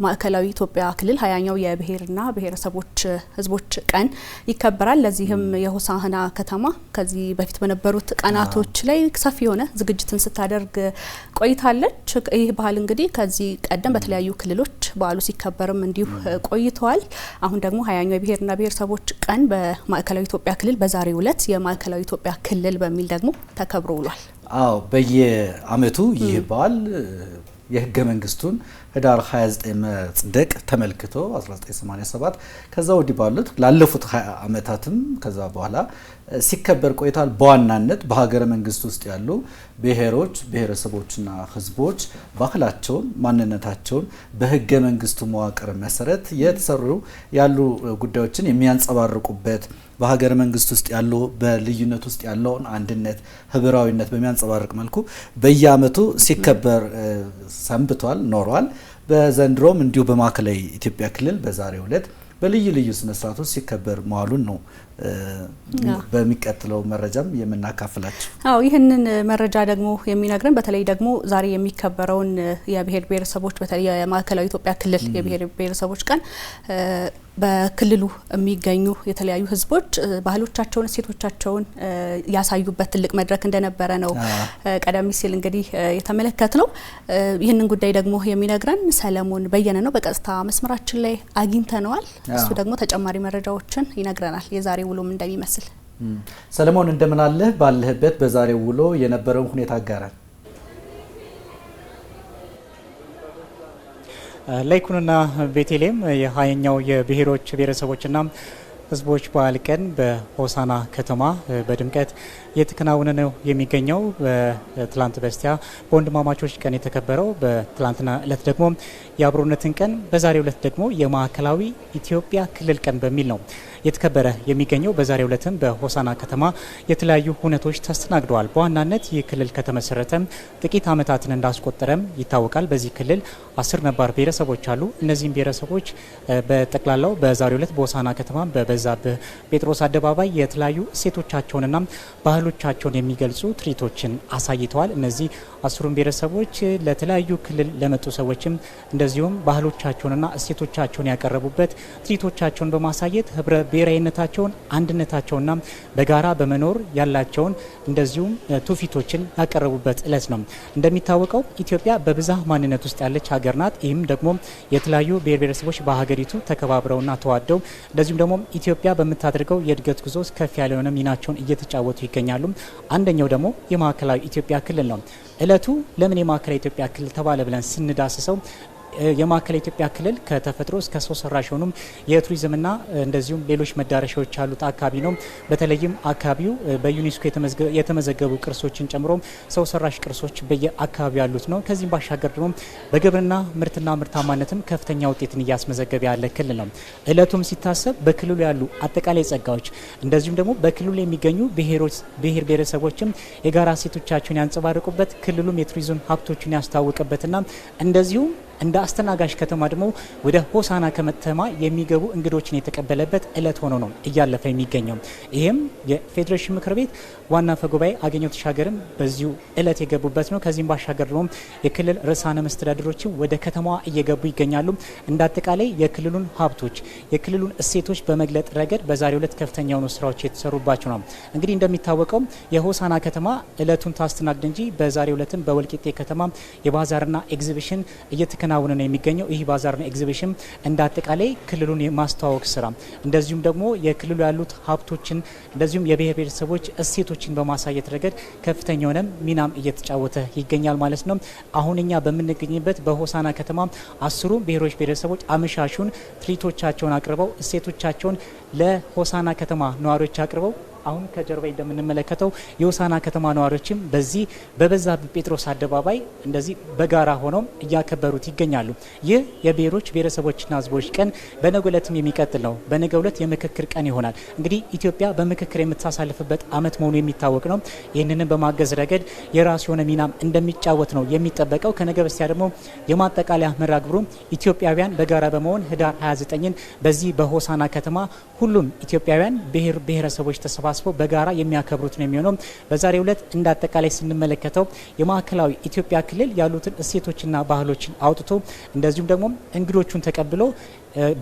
በማዕከላዊ ኢትዮጵያ ክልል ሀያኛው የብሔርና ብሔረሰቦች ህዝቦች ቀን ይከበራል። ለዚህም የሆሳህና ከተማ ከዚህ በፊት በነበሩት ቀናቶች ላይ ሰፊ የሆነ ዝግጅትን ስታደርግ ቆይታለች። ይህ ባህል እንግዲህ ከዚህ ቀደም በተለያዩ ክልሎች በዓሉ ሲከበርም እንዲሁ ቆይተዋል። አሁን ደግሞ ሀያኛው የብሔርና ብሔረሰቦች ቀን በማዕከላዊ ኢትዮጵያ ክልል በዛሬው ዕለት የማዕከላዊ ኢትዮጵያ ክልል በሚል ደግሞ ተከብሮ ውሏል። አዎ በየአመቱ ይህ በዓል የህገ መንግስቱን ህዳር 29 መጽደቅ ተመልክቶ 1987 ከዛ ወዲህ ባሉት ላለፉት 20 ዓመታትም ከዛ በኋላ ሲከበር ቆይቷል። በዋናነት በሀገረ መንግስት ውስጥ ያሉ ብሔሮች፣ ብሔረሰቦችና ህዝቦች ባህላቸውን፣ ማንነታቸውን በህገ መንግስቱ መዋቅር መሰረት የተሰሩ ያሉ ጉዳዮችን የሚያንጸባርቁበት በሀገረ መንግስት ውስጥ ያለው በልዩነት ውስጥ ያለውን አንድነት ህብራዊነት በሚያንጸባርቅ መልኩ በየዓመቱ ሲከበር ሰንብቷል ኖሯል። በዘንድሮም እንዲሁ በማዕከላዊ ኢትዮጵያ ክልል በዛሬው ዕለት በልዩ ልዩ ስነስርዓቶች ሲከበር መዋሉን ነው በሚቀጥለው መረጃም የምናካፍላቸው አዎ ይህንን መረጃ ደግሞ የሚነግረን በተለይ ደግሞ ዛሬ የሚከበረውን የብሔር ብሔረሰቦች በተለይ የማዕከላዊ ኢትዮጵያ ክልል የብሔር ብሔረሰቦች ቀን በክልሉ የሚገኙ የተለያዩ ህዝቦች ባህሎቻቸውን፣ እሴቶቻቸውን ያሳዩበት ትልቅ መድረክ እንደነበረ ነው ቀደም ሲል እንግዲህ የተመለከት ነው። ይህንን ጉዳይ ደግሞ የሚነግረን ሰለሞን በየነ ነው። በቀጥታ መስመራችን ላይ አግኝተነዋል። እሱ ደግሞ ተጨማሪ መረጃዎችን ይነግረናል። የዛሬ ውሎም እንደሚመስል ሰለሞን እንደምን አለህ? ባለህበት በዛሬው ውሎ የነበረውን ሁኔታ አጋራል። ላይኩንና ቤቴሌም የሀያኛው የብሔሮች ብሔረሰቦችና ህዝቦች በዓል ቀን በሆሳና ከተማ በድምቀት እየተከናወነ ነው የሚገኘው። በትላንት በስቲያ በወንድማማቾች ቀን የተከበረው፣ በትላንትና እለት ደግሞ የአብሮነትን ቀን፣ በዛሬው እለት ደግሞ የማዕከላዊ ኢትዮጵያ ክልል ቀን በሚል ነው የተከበረ የሚገኘው። በዛሬው ዕለትም በሆሳና ከተማ የተለያዩ ሁነቶች ተስተናግደዋል። በዋናነት ይህ ክልል ከተመሰረተም ጥቂት ዓመታትን እንዳስቆጠረም ይታወቃል። በዚህ ክልል አስር ነባር ብሔረሰቦች አሉ። እነዚህም ብሔረሰቦች በጠቅላላው በዛሬው ዕለት በሆሳና ከተማ በበዛብህ ጴጥሮስ አደባባይ የተለያዩ እሴቶቻቸውንና ባህሎቻቸውን የሚገልጹ ትርኢቶችን አሳይተዋል። እነዚህ አስሩም ብሔረሰቦች ለተለያዩ ክልል ለመጡ ሰዎችም እንደዚሁም ባህሎቻቸውንና እሴቶቻቸውን ያቀረቡበት ትርኢቶቻቸውን በማሳየት ህብረ ብሔራዊነታቸውን፣ አንድነታቸውና በጋራ በመኖር ያላቸውን እንደዚሁም ትውፊቶችን ያቀረቡበት እለት ነው። እንደሚታወቀው ኢትዮጵያ በብዝሃ ማንነት ውስጥ ያለች ሀገር ናት። ይህም ደግሞ የተለያዩ ብሔር ብሔረሰቦች በሀገሪቱ ተከባብረውና ተዋደው እንደዚሁም ደግሞ ኢትዮጵያ በምታደርገው የእድገት ጉዞ ከፍ ያለ የሆነ ሚናቸውን እየተጫወቱ ይገኛሉ። አንደኛው ደግሞ የማዕከላዊ ኢትዮጵያ ክልል ነው። እለቱ ለምን የማዕከላዊ ኢትዮጵያ ክልል ተባለ ብለን ስንዳስሰው የማዕከላዊ ኢትዮጵያ ክልል ከተፈጥሮ እስከ ሰው ሰራሽ የሆኑም የቱሪዝምና እንደዚሁም ሌሎች መዳረሻዎች ያሉት አካባቢ ነው። በተለይም አካባቢው በዩኔስኮ የተመዘገቡ ቅርሶችን ጨምሮ ሰው ሰራሽ ቅርሶች በየአካባቢው ያሉት ነው። ከዚህም ባሻገር ደግሞ በግብርና ምርትና ምርታማነትም ከፍተኛ ውጤትን እያስመዘገበ ያለ ክልል ነው። እለቱም ሲታሰብ በክልሉ ያሉ አጠቃላይ ጸጋዎች እንደዚሁም ደግሞ በክልሉ የሚገኙ ብሔር ብሔረሰቦችም የጋራ ሴቶቻቸውን ያንጸባርቁበት ክልሉም የቱሪዝም ሀብቶችን ያስተዋወቀበትና እንደዚሁም እንደ አስተናጋጅ ከተማ ደግሞ ወደ ሆሳና ከመተማ የሚገቡ እንግዶችን የተቀበለበት እለት ሆኖ ነው እያለፈ የሚገኘው። ይህም የፌዴሬሽን ምክር ቤት ዋና አፈ ጉባኤ አገኘሁ ተሻገርም በዚሁ እለት የገቡበት ነው። ከዚህም ባሻገር ደግሞ የክልል ርዕሳነ መስተዳድሮችም ወደ ከተማዋ እየገቡ ይገኛሉ። እንደ አጠቃላይ የክልሉን ሀብቶች የክልሉን እሴቶች በመግለጥ ረገድ በዛሬው እለት ከፍተኛ የሆኑ ስራዎች የተሰሩባቸው ነው። እንግዲህ እንደሚታወቀው የሆሳና ከተማ እለቱን ታስተናግድ እንጂ በዛሬው እለትም በወልቂጤ ከተማ የባዛርና ኤግዚቢሽን እየተከ እየተከናወነ ነው የሚገኘው። ይህ ባዛርና ኤግዚቢሽን እንደ አጠቃላይ ክልሉን የማስተዋወቅ ስራ እንደዚሁም ደግሞ የክልሉ ያሉት ሀብቶችን እንደዚሁም የብሔር ብሔረሰቦች እሴቶችን በማሳየት ረገድ ከፍተኛ የሆነ ሚናም እየተጫወተ ይገኛል ማለት ነው። አሁን እኛ በምንገኝበት በሆሳና ከተማ አስሩ ብሔሮች ብሔረሰቦች አመሻሹን ትርኢቶቻቸውን አቅርበው እሴቶቻቸውን ለሆሳና ከተማ ነዋሪዎች አቅርበው አሁን ከጀርባ እንደምንመለከተው የሆሳና ከተማ ነዋሪዎችም በዚህ በበዛብህ ጴጥሮስ አደባባይ እንደዚህ በጋራ ሆነው እያከበሩት ይገኛሉ። ይህ የብሔሮች ብሔረሰቦችና ህዝቦች ቀን በነገ ዕለትም የሚቀጥል ነው። በነገ ዕለት የምክክር ቀን ይሆናል። እንግዲህ ኢትዮጵያ በምክክር የምታሳልፍበት አመት መሆኑ የሚታወቅ ነው። ይህንንም በማገዝ ረገድ የራሱ የሆነ ሚናም እንደሚጫወት ነው የሚጠበቀው። ከነገ በስቲያ ደግሞ የማጠቃለያ መርሃ ግብሩ ኢትዮጵያውያን በጋራ በመሆን ህዳር 29ን በዚህ በሆሳና ከተማ ሁሉም ኢትዮጵያውያን ብሔር ብሔረሰቦች ተሰባ ተሳትፎ በጋራ የሚያከብሩት ነው የሚሆነው። በዛሬው ዕለት እንደ አጠቃላይ ስንመለከተው የማዕከላዊ ኢትዮጵያ ክልል ያሉትን እሴቶችና ባህሎችን አውጥቶ እንደዚሁም ደግሞ እንግዶቹን ተቀብሎ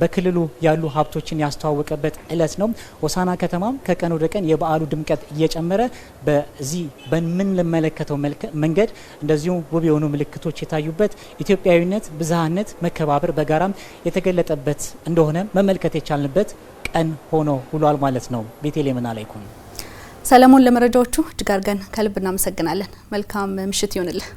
በክልሉ ያሉ ሀብቶችን ያስተዋወቀበት እለት ነው። ሆሳና ከተማም ከቀን ወደ ቀን የበዓሉ ድምቀት እየጨመረ በዚህ በምንመለከተው መንገድ እንደዚሁም ውብ የሆኑ ምልክቶች የታዩበት ኢትዮጵያዊነት፣ ብዝሃነት፣ መከባበር በጋራም የተገለጠበት እንደሆነ መመልከት የቻልንበት ቀን ሆኖ ውሏል ማለት ነው። ቤቴሌምና ላይ ኩን ሰለሞን፣ ለመረጃዎቹ እጅግ አድርገን ከልብ እናመሰግናለን። መልካም ምሽት ይሆንልህ።